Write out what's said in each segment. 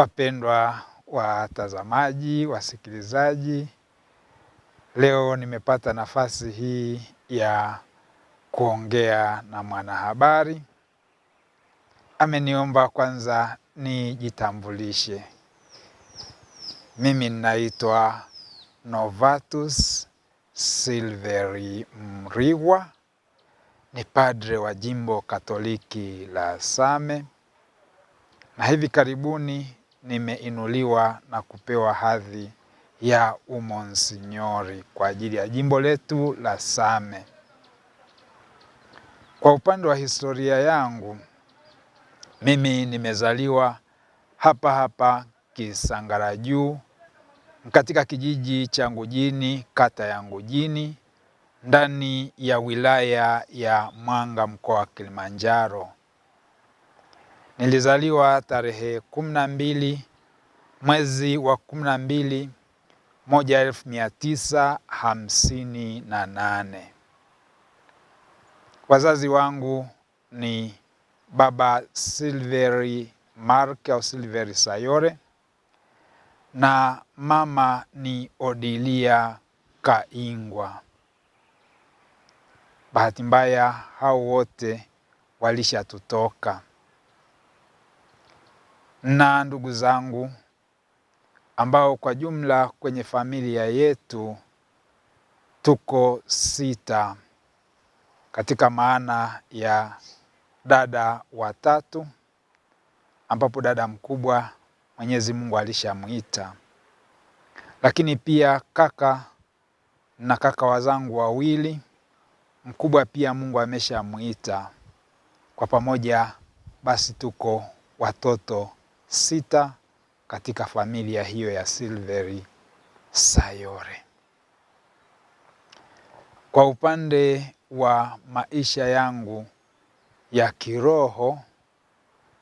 Wapendwa watazamaji, wasikilizaji, leo nimepata nafasi hii ya kuongea na mwanahabari. Ameniomba kwanza nijitambulishe. Mimi ninaitwa Novatus Silveri mriwa ni padre wa jimbo Katoliki la Same, na hivi karibuni nimeinuliwa na kupewa hadhi ya umonsinyori kwa ajili ya jimbo letu la Same. Kwa upande wa historia yangu, mimi nimezaliwa hapa hapa Kisangara Juu katika kijiji cha Ngujini, kata ya Ngujini ndani ya wilaya ya Mwanga, mkoa wa Kilimanjaro. Nilizaliwa tarehe kumi na mbili mwezi wa kumi na mbili moja elfu mia tisa hamsini na nane. Wazazi wangu ni baba Silveri mark au Silveri Sayore na mama ni Odilia Kaingwa. Bahati mbaya hao wote walishatutoka na ndugu zangu ambao kwa jumla kwenye familia yetu tuko sita katika maana ya dada watatu, ambapo dada mkubwa Mwenyezi Mungu alishamwita, lakini pia kaka na kaka wazangu wawili, mkubwa pia Mungu ameshamwita. Kwa pamoja basi tuko watoto sita katika familia hiyo ya Silveri Sayore. Kwa upande wa maisha yangu ya kiroho,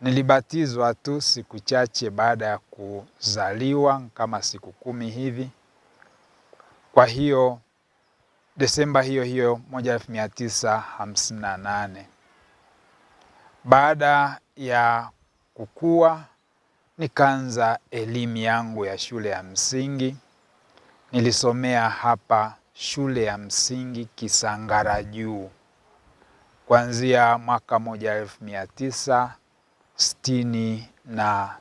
nilibatizwa tu siku chache baada ya kuzaliwa, kama siku kumi hivi. Kwa hiyo Desemba hiyo hiyo 1958 Baada ya kukua Nikaanza elimu yangu ya shule ya msingi. Nilisomea hapa shule ya msingi Kisangara Juu kuanzia mwaka moja elfu mia tisa sitini na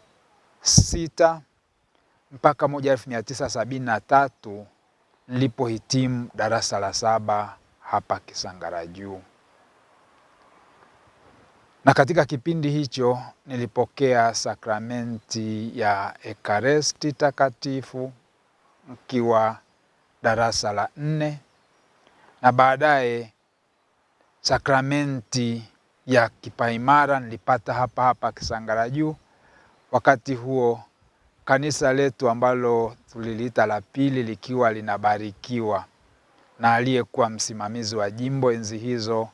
sita mpaka moja elfu mia tisa sabini na tatu nilipohitimu darasa la saba hapa Kisangara Juu na katika kipindi hicho nilipokea sakramenti ya ekaresti Takatifu nikiwa darasa la nne na baadaye sakramenti ya kipaimara nilipata hapa hapa Kisangara Juu. Wakati huo kanisa letu ambalo tuliliita la pili likiwa linabarikiwa na aliyekuwa msimamizi wa jimbo enzi hizo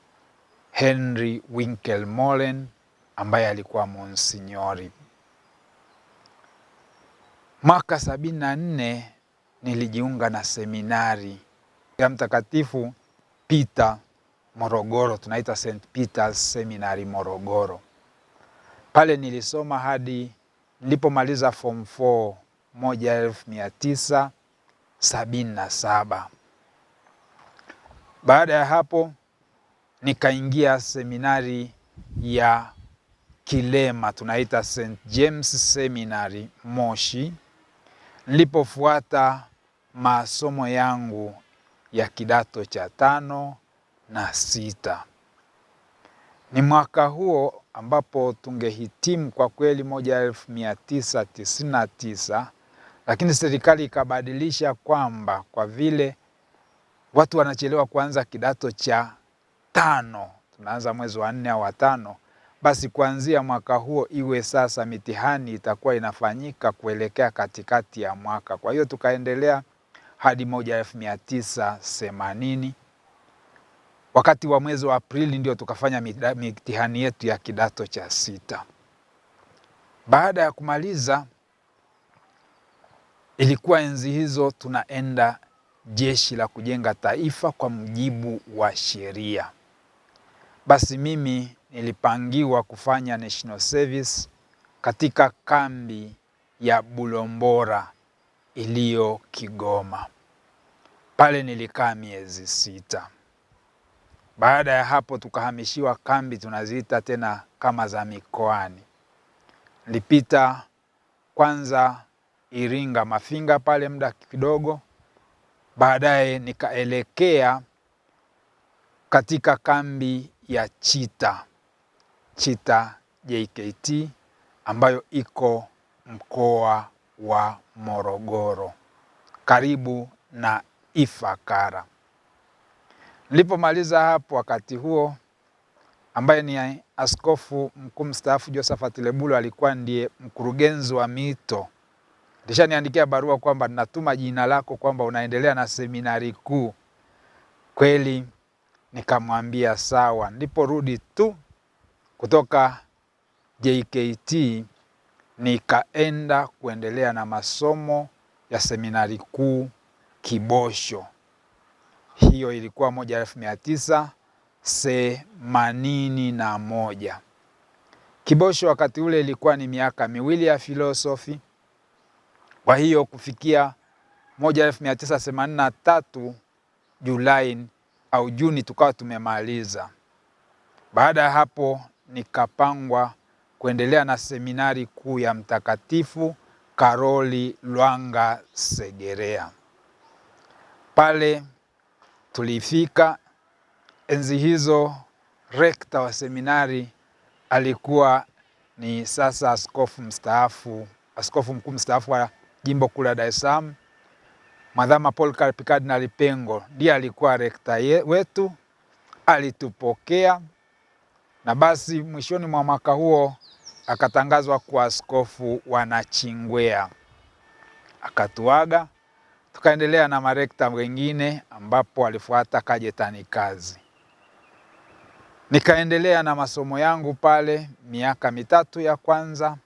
Henry Winkelmolen ambaye alikuwa monsinyori. Mwaka sabini na nne nilijiunga na seminari ya Mtakatifu Peter Morogoro, tunaita St Peter's Seminary Morogoro. Pale nilisoma hadi nilipomaliza form 4 moja elfu mia tisa sabini na saba. Baada ya hapo nikaingia seminari ya kilema tunaita St James Seminary Moshi, nilipofuata masomo yangu ya kidato cha tano na sita. Ni mwaka huo ambapo tungehitimu kwa kweli moja elfu mia tisa tisini na tisa, lakini serikali ikabadilisha kwamba kwa vile watu wanachelewa kuanza kidato cha tano, tunaanza mwezi wa nne au wa tano, basi kuanzia mwaka huo iwe sasa mitihani itakuwa inafanyika kuelekea katikati ya mwaka. Kwa hiyo tukaendelea hadi moja elfu mia tisa themanini wakati wa mwezi wa Aprili ndio tukafanya mitihani yetu ya kidato cha sita. Baada ya kumaliza, ilikuwa enzi hizo tunaenda jeshi la kujenga taifa kwa mujibu wa sheria. Basi mimi nilipangiwa kufanya national service katika kambi ya Bulombora iliyo Kigoma. Pale nilikaa miezi sita. Baada ya hapo tukahamishiwa kambi tunaziita tena kama za mikoani. Nilipita kwanza Iringa Mafinga pale muda kidogo, baadaye nikaelekea katika kambi ya Chita Chita JKT ambayo iko mkoa wa Morogoro karibu na Ifakara. Nilipomaliza hapo wakati huo, ambaye ni askofu mkuu mstaafu Josephat Lebulo alikuwa ndiye mkurugenzi wa mito, alishaniandikia barua kwamba natuma jina lako kwamba unaendelea na seminari kuu. Kweli Nikamwambia sawa. rudi tu kutoka JKT nikaenda kuendelea na masomo ya seminari kuu Kibosho. Hiyo ilikuwa moja elfu mia tisa themanini na moja. Kibosho wakati ule ilikuwa ni miaka miwili ya filosofi. Kwa hiyo kufikia moja elfu mia tisa themanini na tatu Julai au Juni tukawa tumemaliza. Baada ya hapo nikapangwa kuendelea na seminari kuu ya Mtakatifu Karoli Lwanga Segerea. Pale tulifika enzi hizo, rekta wa seminari alikuwa ni sasa askofu mstaafu, askofu mkuu mstaafu wa jimbo kuu la Dar es Salaam Madhama Polycarp Kardinali Pengo ndiye alikuwa rekta wetu, alitupokea na basi mwishoni mwa mwaka huo akatangazwa kuwa askofu wa Nachingwea, akatuaga. Tukaendelea na marekta wengine, ambapo alifuata Kajetani Kazi. Nikaendelea na masomo yangu pale miaka mitatu ya kwanza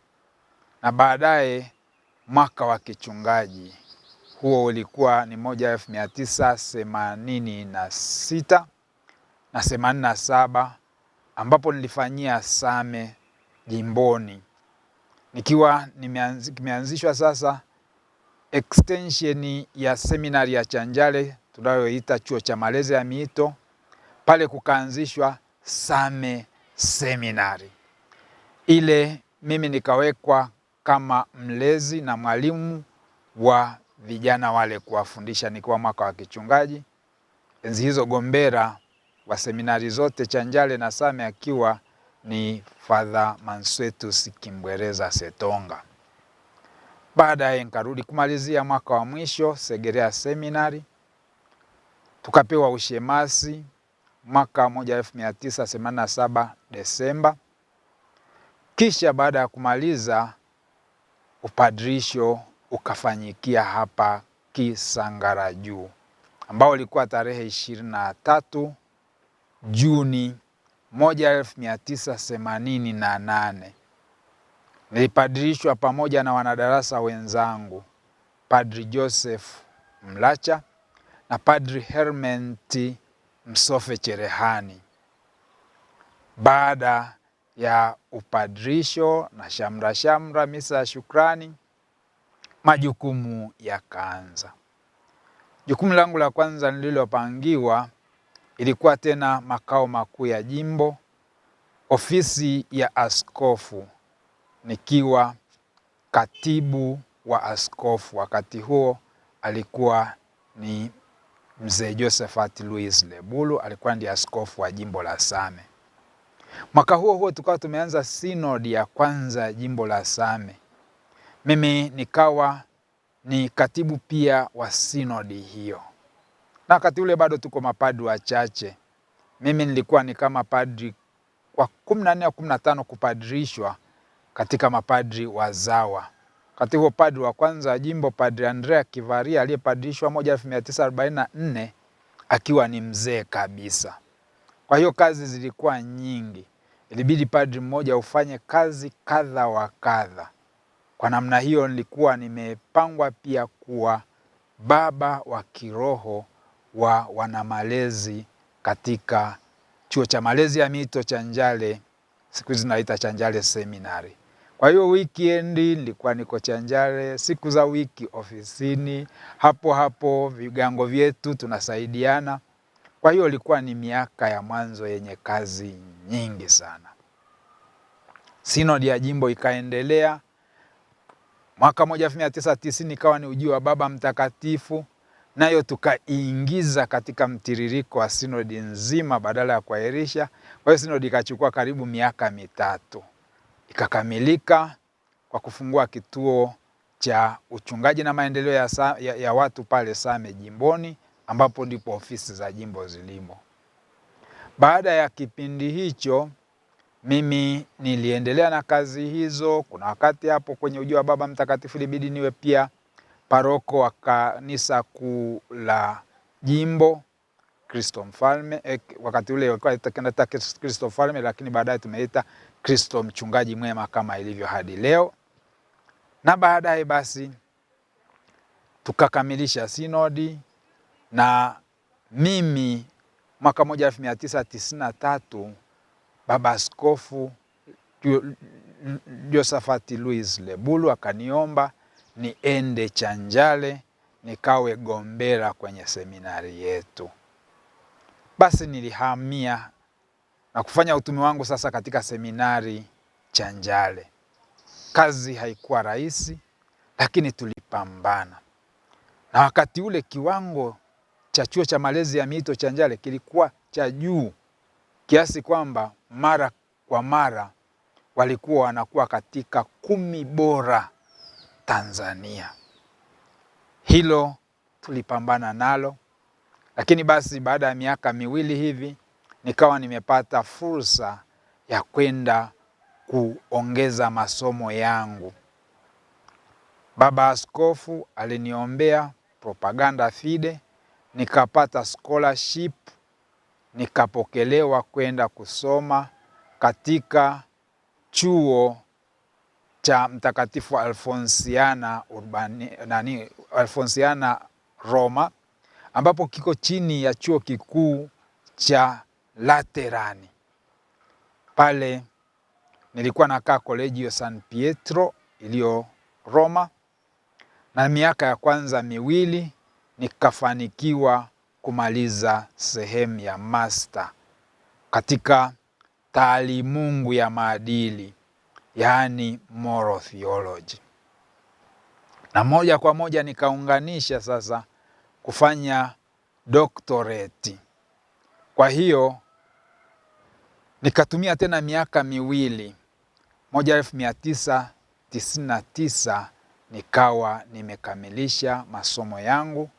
na baadaye mwaka wa kichungaji huo ulikuwa ni moja elfu mia tisa themanini na sita na themanini na saba ambapo nilifanyia Same jimboni nikiwa kimeanzishwa sasa extension ya seminari ya Chanjale tunayoita chuo cha malezi ya miito. Pale kukaanzishwa Same seminari, ile mimi nikawekwa kama mlezi na mwalimu wa vijana wale kuwafundisha nikiwa mwaka wa kichungaji. Enzi hizo gombera wa seminari zote Chanjale na Same akiwa ni Father Mansuetus Kimbwereza Setonga. Baadaye nkarudi kumalizia mwaka wa mwisho Segerea Seminari, tukapewa ushemasi mwaka 1987 Desemba. Kisha baada ya kumaliza upadrisho ukafanyikia hapa kisangara juu ambao ulikuwa tarehe ishirini na tatu Juni moja elfu mia tisa themanini na nane. Nilipadirishwa pamoja na wanadarasa wenzangu Padri Joseph Mlacha na Padri herment Msofe Cherehani. Baada ya upadirisho na shamra shamra, misa ya shukrani majukumu yakaanza. Jukumu langu la kwanza nililopangiwa ilikuwa tena makao makuu ya jimbo, ofisi ya askofu, nikiwa katibu wa askofu. Wakati huo alikuwa ni mzee Josephat Louis Lebulu, alikuwa ndiye askofu wa jimbo la Same. Mwaka huo huo tukawa tumeanza sinodi ya kwanza ya jimbo la Same mimi nikawa ni katibu pia wa sinodi hiyo, na wakati ule bado tuko mapadri wachache. Mimi nilikuwa ni kama padri wa kumi na nne au kumi na tano kupadrishwa katika mapadri wazawa. Wakati huo padri wa kwanza wa jimbo Padri Andrea Kivaria aliyepadrishwa moja elfu mia tisa arobaini na nne akiwa ni mzee kabisa. Kwa hiyo kazi zilikuwa nyingi, ilibidi padri mmoja ufanye kazi kadha wa kadha. Kwa namna hiyo nilikuwa nimepangwa pia kuwa baba wa kiroho wa wanamalezi katika chuo cha malezi ya mito cha Njale, siku hizi naita cha Njale Seminari. Kwa hiyo wikiendi nilikuwa niko Chanjale, siku za wiki ofisini, hapo hapo vigango vyetu tunasaidiana. Kwa hiyo ilikuwa ni miaka ya mwanzo yenye kazi nyingi sana. Sinodi ya jimbo ikaendelea Mwaka 1990 ikawa ni ujio wa Baba Mtakatifu, nayo tukaingiza katika mtiririko wa sinodi nzima badala ya kuahirisha. Kwa hiyo sinodi ikachukua karibu miaka mitatu, ikakamilika kwa kufungua kituo cha uchungaji na maendeleo ya, sa, ya, ya watu pale Same jimboni ambapo ndipo ofisi za jimbo zilimo. Baada ya kipindi hicho mimi niliendelea na kazi hizo. Kuna wakati hapo kwenye ujio wa Baba Mtakatifu ilibidi niwe pia paroko wa kanisa kuu la jimbo Kristo Mfalme. Eh, wakati ule walikuwa Kristo Mfalme, lakini baadaye tumeita Kristo Mchungaji Mwema kama ilivyo hadi leo. Na baadaye basi tukakamilisha sinodi na mimi mwaka moja mia tatu baba askofu Josafati Louis Lebulu akaniomba niende Chanjale nikawe gombera kwenye seminari yetu. Basi nilihamia na kufanya utume wangu sasa katika seminari Chanjale. Kazi haikuwa rahisi, lakini tulipambana, na wakati ule kiwango cha chuo cha malezi ya miito Chanjale kilikuwa cha juu kiasi kwamba mara kwa mara walikuwa wanakuwa katika kumi bora Tanzania. Hilo tulipambana nalo, lakini basi baada ya miaka miwili hivi nikawa nimepata fursa ya kwenda kuongeza masomo yangu. Baba Askofu aliniombea propaganda fide, nikapata scholarship nikapokelewa kwenda kusoma katika chuo cha Mtakatifu Alfonsiana Urbani, nani, Alfonsiana Roma, ambapo kiko chini ya chuo kikuu cha Laterani. Pale nilikuwa nakaa Kolegio San Pietro iliyo Roma, na miaka ya kwanza miwili nikafanikiwa kumaliza sehemu ya master katika taalimungu ya maadili, yaani moral theology, na moja kwa moja nikaunganisha sasa kufanya doctorate. Kwa hiyo nikatumia tena miaka miwili, moja elfu mia tisa tisini na tisa nikawa nimekamilisha masomo yangu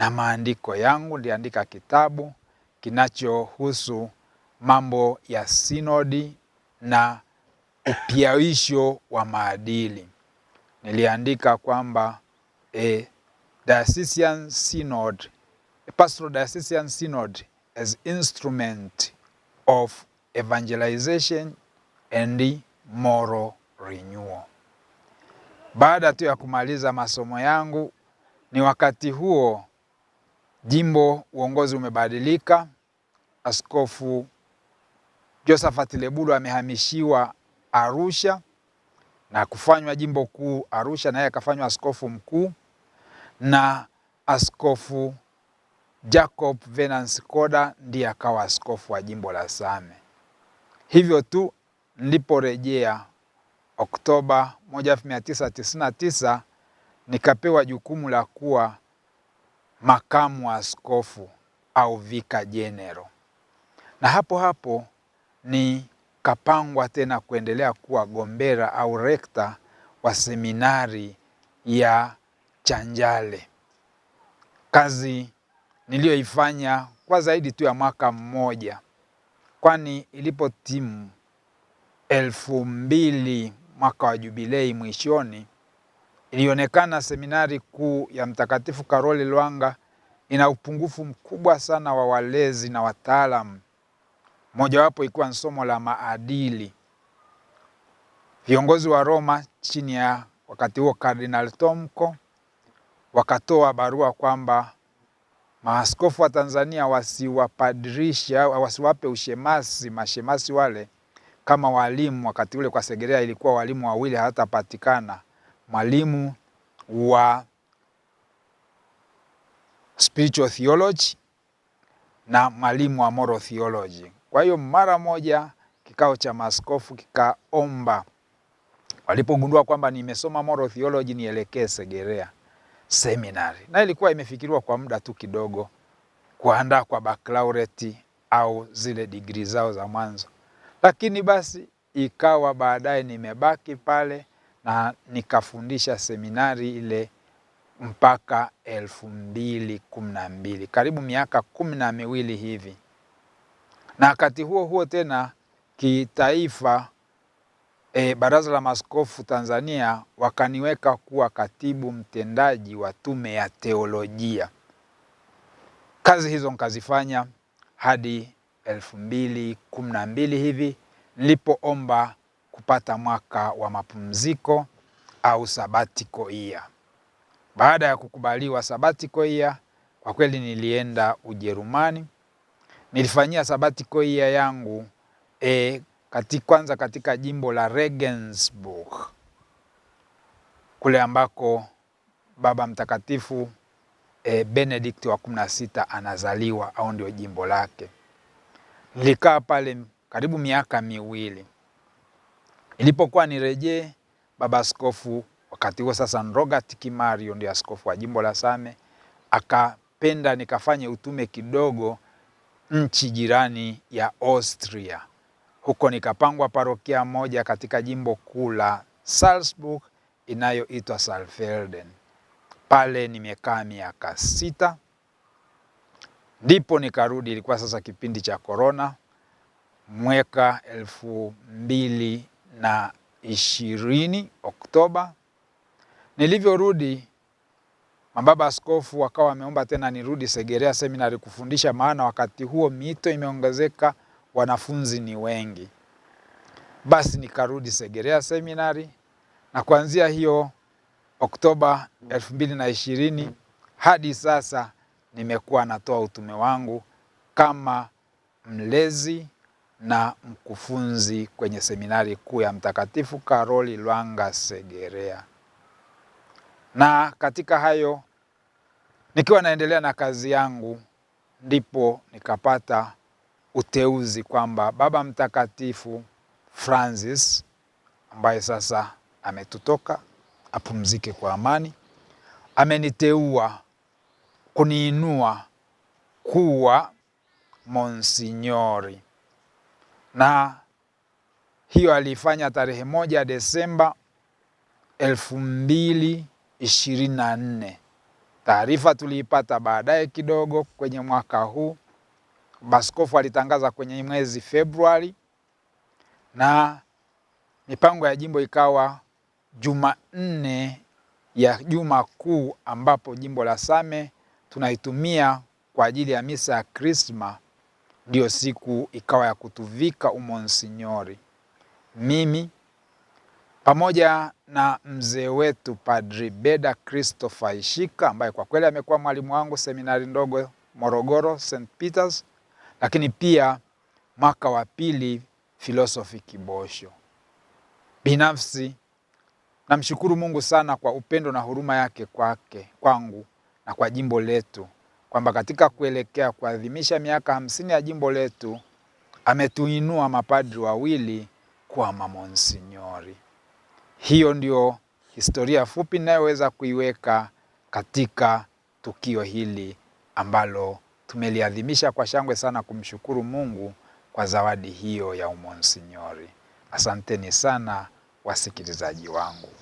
na maandiko yangu, niliandika kitabu kinachohusu mambo ya sinodi na upiawisho wa maadili. Niliandika kwamba a e, diocesan synod, a pastoral diocesan synod as instrument of evangelization and moral renewal. Baada tu ya kumaliza masomo yangu, ni wakati huo Jimbo uongozi umebadilika. Askofu Josephat Lebulu amehamishiwa Arusha na kufanywa jimbo kuu Arusha, na yeye akafanywa askofu mkuu, na askofu Jacob Venance Koda ndiye akawa askofu wa jimbo la Same. Hivyo tu niliporejea Oktoba 1999 nikapewa jukumu la kuwa makamu wa askofu au vika jenero, na hapo hapo ni kapangwa tena kuendelea kuwa gombera au rekta wa seminari ya Chanjale, kazi niliyoifanya kwa zaidi tu ya mwaka mmoja, kwani timu elfu mbili mwaka wa jubilei mwishoni ilionekana seminari kuu ya Mtakatifu Karoli Lwanga ina upungufu mkubwa sana wa walezi na wataalamu, mojawapo ikiwa ni somo la maadili. Viongozi wa Roma chini ya wakati huo Kardinal Tomko wakatoa barua kwamba maaskofu wa Tanzania wasiwapadirisha wasiwape ushemasi mashemasi wale kama walimu. Wakati ule kwa Segerea ilikuwa walimu wawili hawatapatikana mwalimu wa spiritual theology na mwalimu wa moral theology. Kwa hiyo mara moja kikao cha maskofu kikaomba, walipogundua kwamba nimesoma moral theology nielekee Segerea seminari, na ilikuwa imefikiriwa kwa muda tu kidogo kuandaa kwa baccalaureate au zile digrii zao za mwanzo, lakini basi ikawa baadaye nimebaki pale na nikafundisha seminari ile mpaka elfu mbili kumi na mbili karibu miaka kumi na miwili hivi. Na wakati huo huo tena kitaifa e, Baraza la maskofu Tanzania wakaniweka kuwa katibu mtendaji wa tume ya teolojia. Kazi hizo nikazifanya hadi elfu mbili kumi na mbili hivi nilipoomba kupata mwaka wa mapumziko au sabatiko ia. Baada ya kukubaliwa sabatiko ia, kwa kweli nilienda Ujerumani, nilifanyia sabatiko ia yangu e, kati kwanza katika jimbo la Regensburg kule ambako Baba Mtakatifu e, Benedict wa kumi na sita anazaliwa au ndio jimbo lake. Nilikaa pale karibu miaka miwili ilipokuwa nirejee, baba askofu wakati huo sasa Robert Kimario ndio askofu wa jimbo la Same, akapenda nikafanye utume kidogo nchi jirani ya Austria. Huko nikapangwa parokia moja katika jimbo kuu la Salzburg inayoitwa Salfelden. Pale nimekaa miaka sita, ndipo nikarudi. Ilikuwa sasa kipindi cha korona, mwaka elfu mbili na ishirini Oktoba. Nilivyorudi mababa askofu wakawa wameomba tena nirudi Segerea seminari kufundisha, maana wakati huo mito imeongezeka, wanafunzi ni wengi. Basi nikarudi Segerea seminari na kuanzia hiyo Oktoba elfu mbili na ishirini hadi sasa nimekuwa natoa utume wangu kama mlezi na mkufunzi kwenye seminari kuu ya Mtakatifu Karoli Lwanga Segerea. Na katika hayo, nikiwa naendelea na kazi yangu, ndipo nikapata uteuzi kwamba Baba Mtakatifu Francis ambaye sasa ametutoka apumzike kwa amani, ameniteua kuniinua kuwa monsinyori na hiyo aliifanya tarehe moja Desemba elfu mbili ishirini na nne. Taarifa tuliipata baadaye kidogo kwenye mwaka huu. Baskofu alitangaza kwenye mwezi Februari na mipango ya jimbo ikawa Jumanne ya Juma Kuu, ambapo jimbo la Same tunaitumia kwa ajili ya misa ya Krisma ndiyo siku ikawa ya kutuvika umonsinyori, mimi pamoja na mzee wetu Padri Beda Christopher Ishika ambaye kwa kweli amekuwa mwalimu wangu seminari ndogo Morogoro St. Peters, lakini pia mwaka wa pili filosofi Kibosho. Binafsi namshukuru Mungu sana kwa upendo na huruma yake kwake kwangu na kwa jimbo letu kwamba katika kuelekea kuadhimisha miaka hamsini ya jimbo letu ametuinua mapadri wawili kuwa mamonsinyori. Hiyo ndio historia fupi inayoweza kuiweka katika tukio hili ambalo tumeliadhimisha kwa shangwe sana, kumshukuru Mungu kwa zawadi hiyo ya umonsinyori. Asanteni sana wasikilizaji wangu.